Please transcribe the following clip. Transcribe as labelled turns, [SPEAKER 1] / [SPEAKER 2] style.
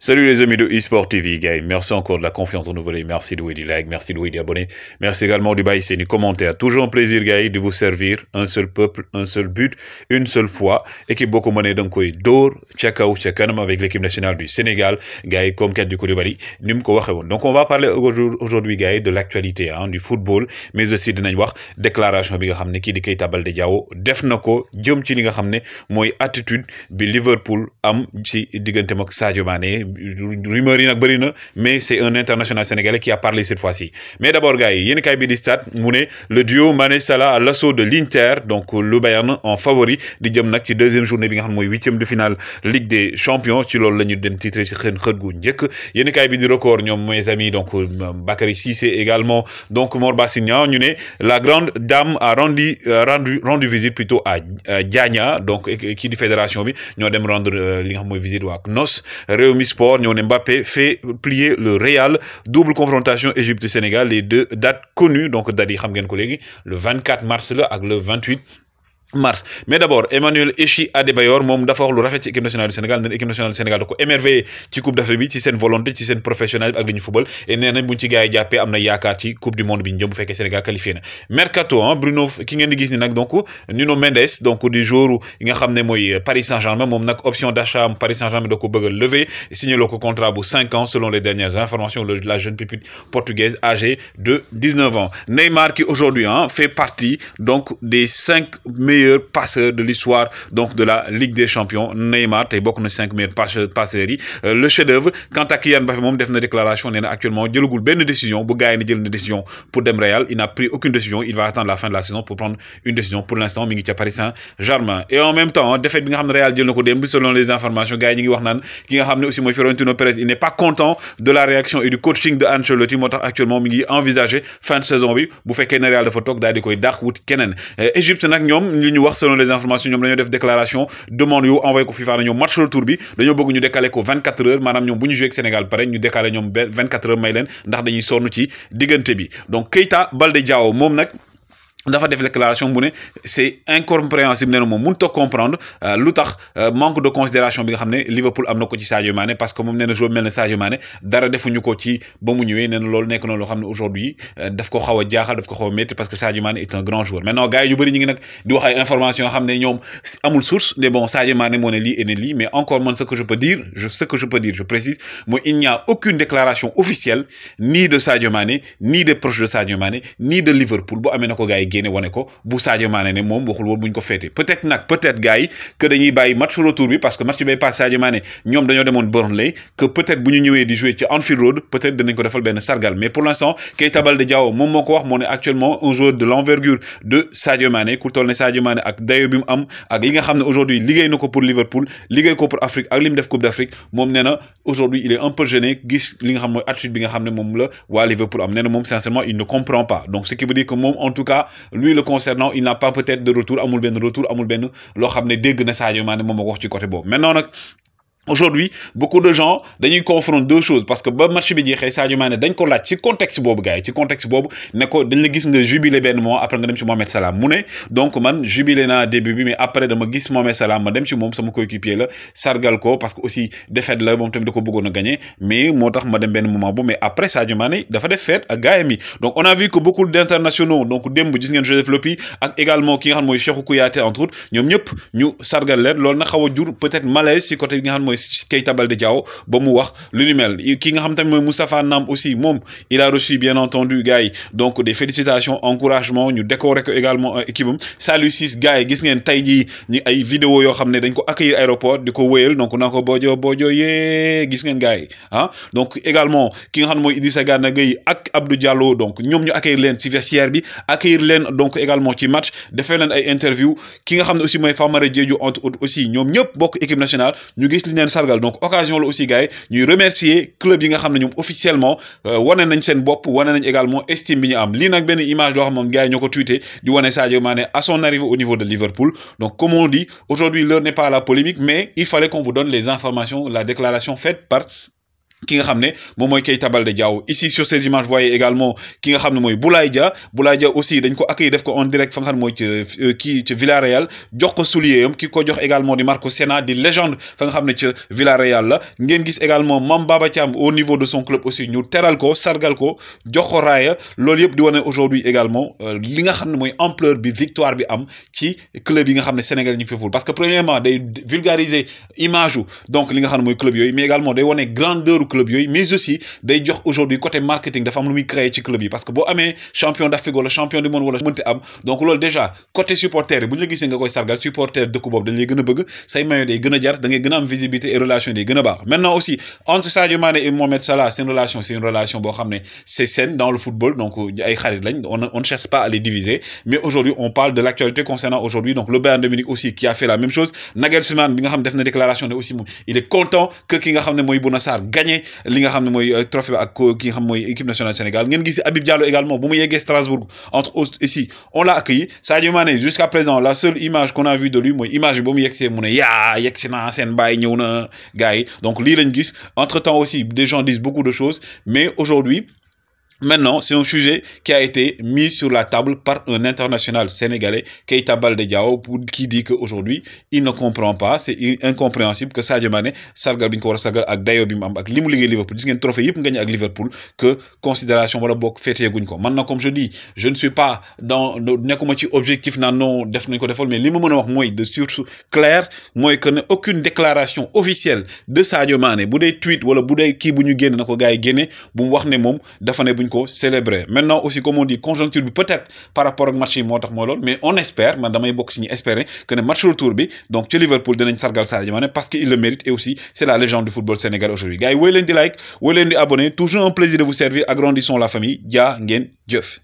[SPEAKER 1] Salut les amis de eSport TV Game, merci encore de la confiance renouvelée, merci de des likes, merci de des abonnés, merci également du bail et des commentaires. Toujours un plaisir Gaï de vous servir, un seul peuple, un seul but, une seule fois. Équipe beaucoup monnaie donc d'or, tchakao tchakanam avec l'équipe nationale du Sénégal, Gaï comme a du Koulibaly, bali, Donc on va parler aujourd'hui Gaï de l'actualité, hein, du football, mais aussi de la déclaration de Hamne qui dit Keita de Diao, Defnoko, Diom Chiliga Hamne, moi attitude, de Liverpool, Am, Chi, Digantemok, Sadio rumeur yi mais c'est un international sénégalais qui a parlé cette fois-ci mais d'abord gars yi kay bi di stade mouné le duo Mané Salah à l'assaut de l'Inter donc le Bayern en favori di jëm nak ci deuxième journée bi nga xam huitième de finale Ligue des champions ci loolu la dem titrer ci xën xët gu ñëk yéen kay bi di record mes amis donc euh, Bakary Cissé également donc Morba ñu la grande dame a rendu euh, rendu visite plutôt à Diagna donc équipe di fédération bi ñoo dem rendre euh, li nga xam visite à Knos, réew Nyon Mbappé fait plier le Real. Double confrontation Égypte-Sénégal, les deux dates connues, donc Dadi Khamgen le 24 mars là, avec le 28 mars mais d'abord Emmanuel Echi Adebayor mom dafa wax lu rafet ci équipe nationale du Sénégal nee équipe nationale du Sénégal da émerveillé ci coupe d'Afrique, bi ci sen volonté ci sen professionnel ak liñu football football et nee na un ci gars jappé amna am ci coupe du monde bi ñu jëm bu Sénégal qualifié na mercato hein Bruno ki ngeen di gis ni nak donc Nuno Mendes donc du jour yi nga xamné à Paris Saint-Germain mom nak option d'achat Paris Saint-Germain da bëgg a lever signé le ko contrat bu 5 ans selon les dernières informations la jeune pépite portugaise âgée de 19 ans Neymar qui aujourd'hui hein fait partie donc des 5 meilleurs passeur de l'histoire donc de la Ligue des Champions Neymar tay bokk na cinq meilleurs passeurs yi euh, le chef d'œuvre quant à Kylian Mbappé déclaration nee actuellement jëlagul benn décision bu gaay ni na décision pour dem Real il n'a pris aucune décision il va attendre la fin de la saison pour prendre une décision pour l'instant mi ngi ca Paris Saint-Germain et en même temps défaite bi nga xamné Real jël nako dem selon les informations gaay yi ngi wax nan ki nga xamné aussi moy Florentino Perez il n'est pas content de la réaction et du coaching de Ancelotti motax actuellement mi ngi envisager fin de saison bi bu fekkee Real dafa tok daal di koy kenan wut kenen euh, Égypte nak ñom li ñu wax selon les informations ñom avons def déclaration demande yu envoyé ko FIFA nous match match retour bi dañu bëgg ñu décaler ko 24 heures manam ñom buñu jouer ak Sénégal Nous ñu décaler ñom 24 heures may leen ndax dañuy sonn ci bi donc Keita Baldé Diaw mom dafa def déclaration bu ne c'est incompréhensible nee na moom mënut a comprendre euh, lu tax euh, manque de considération bi nga xam ne Liverpool am na ko ci Sadio Mané parce que moom nee na joueur mel Sadio Mané dara defuñu ko ci ba mu ñëwee nee na loolu nekk na loo xam ne aujourd'hui euh, daf ko xaw a jaaxal daf ko xaw a métti parce que Sadio Mané est un grand joueur maintenant gars yi yu bëri ñu ngi nag di wax ay information yoo xam ne ñoom amul source mais bon Sadio Mané moo ne lii et ne lii mais encore man ce que je peux dire je ce que je peux dire je précise mooy il n'y a aucune déclaration officielle ni de Sadio Mané ni des proches de Sadio Mané ni de Liverpool bu amee na ko gars yi génne woné ko bu Sadio Mané né mom waxul won buñ ko fété peut être nak peut être gars yi que dañuy bayyi match retour bi parce que match bi bay passé Sadio Mané ñoom dañoo demoon Burnley que peut être buñu ñëwé di jouer ci Anfield Road peut être danañ ko défal ben sargal mais pour l'instant Keita balde Diao mom moo wax moo actuellement un joueur de l'envergure de Sadio Mané ku toll Sadio Mané ak dayo bi mu am ak li nga xamné aujourd'hui liggéey na pour Liverpool ligéy ko pour Afrique ak li def Coupe d'afrique mom néna aujourd'hui il est un peu gêné gis li nga xam moy attitude bi nga xamné mom la wa Liverpool am néna mom moom sincèrement il ne comprend pas donc ce qui veut dire que mom en tout cas lui le concernant il n'a pas peut-être de retour amul ben retour amul ben lo dégg na Sadio Mané mom wax ci aujourd'hui beaucoup de gens dañuy confronter deux choses parce que ba match bi jeexee Sadio Mané dañ ko là, ci contexte Bob, gars tu ci contexte boobu ne ko dañ la gis nga jubilé ben, moment après nga dem ci Mohamed Salah mu donc man jubilé na, début bi mais après dama gis Mohamed Salah ma dem ci moom sama coéquipier la sargal ko parce que aussi défaite la moom tamit da ko bëggoon a gagné mais moi, tax ma dem benn moment bu mais après Sadio Mané dafa def fête ak gars donc on a vu que beaucoup d'internationaux donc démb gis ngeen Joseph Lopi ak également ki nga xam mooy Cheikhou Kouyaté entre autres ñoom ñëpp ñu sargal leen loolu na xaw a jur peut-être malaise ci côté bi nga xam Keita Baldé Diao ba Lunimel, wax lu Moustapha Nam aussi moom il a reçu bien entendu gars donc des félicitations encouragement nous décorons également euh, équipe salut Saliou Ciss gars yi gis ngeen tey jii ñu vidéo qui a dañ ko accueillir aéroport donc on ko boojoo bonjour, yee gis ngeen gars yi hein? donc également ki nga xam ne ak Abdou Diallo donc nous ñu accueillir len ci vestiaire bi accueillir donc également qui match defee leen ay interview ki nga aussi moy Famara entre autres aussi nous ñëpp bokk équipe nationale ñu gis li donc occasion aussi gars yi ñuy remercier club yi nga officiellement euh, wane nañ seen bopp wane nañ également estime bi ñu am lii image loo xam moom gars yi ñoo tweeté à son arrivée au niveau de Liverpool donc comme on dit aujourd'hui l'heure n'est pas à la polémique mais il fallait qu'on vous donne les informations la déclaration faite par ki nga xam ne moy mooy Keita Baldé diaw ici sur ces images voyez également ki nga xam moy Boulaye Dia Boulaye Dia aussi dañ ko accueilli def ko en direct fa nga xam ci euh, ci Villarreal jox ko soulier am ki ko jox également di Marco Senna di légende fa nga xam ci Villarreal la ngeen gis également Mame Baba au niveau de son club aussi ñu teral ko sargal ko jox ko raaya yëpp di wone aujourd'hui également euh, li nga xam moy ampleur bi victoire bi am ci club yi nga xam Sénégal ñu fi parce que premièrement day vulgariser image donc li nga xam moy club yoy mais également day wone grandeur club yoy mais aussi day jox aujourd'hui côté marketing dafa am lu muy créer ci club yi parce que bon amé champion d'Afrique wala champion du monde wala mënte am donc lool déjà côté supporter yi bu la gisee nga koy sargal supporter dëkku bob dañ lay gëna bëgg say maillot day gëna jar am visibilité et relation day gëna maintenant aussi entre Sadio Mané et Mohamed Salah c'est une relation c'est une relation bo xamné c'est saine dans le football donc euh, ay xarit lañ on ne cherche pas à les diviser mais aujourd'hui on parle de l'actualité concernant aujourd'hui donc le Bayern de Munich aussi qui a fait la même chose Nagelsmann bi nga xam def na déclaration aussi il est content que ki nga xam moy Bouna gagné li nga xam moy euh, trophée à ak ki nga xam moy équipe nationale Sénégal ngeen gis Habib Diallo également bu mu Strasbourg entre ici on l'a accueilli Sadio Mané jusqu'à présent la seule image qu'on a vue de lui moy image bi ba mu yeggsee mu ne yaa ñëw na gaay donc li lañ gis entre temps aussi des gens disent beaucoup de choses mais aujourd'hui Maintenant, c'est un sujet qui a été mis sur la table par un international sénégalais, Keita Balde Diao, qui dit qu'aujourd'hui, il ne comprend pas, c'est incompréhensible que Sadio Mane Sargal Bin Wara Sargal, ak Dayo Bim Am, ak limu Ligue Liverpool, disent trophée, yep gagné avec Liverpool, que considération, voilà, bok, guñ ko. Maintenant, comme je dis, je ne suis pas dans, nekuma ci objectif na non, def nañ ko defol, mais limu mëna wax moy de source moi, moy que aucune déclaration officielle de Sadio Mane, bu tweet wala le ki buñu ñu nako gaay génné, bu wax né mom dafa né célébrer maintenant aussi comme on dit conjoncture peut-être par rapport au match yi mais on espère man damay bok que le espérer que Donc, match retour bi donc ci Liverpool dinañ sargal Sadio Mané parce qu'il le mérite et aussi c'est la légende du football sénégal aujourd'hui gars yi woy leen di like woy di abonner toujours un plaisir de vous servir agrandissons la famille Dia ngène Dieuf.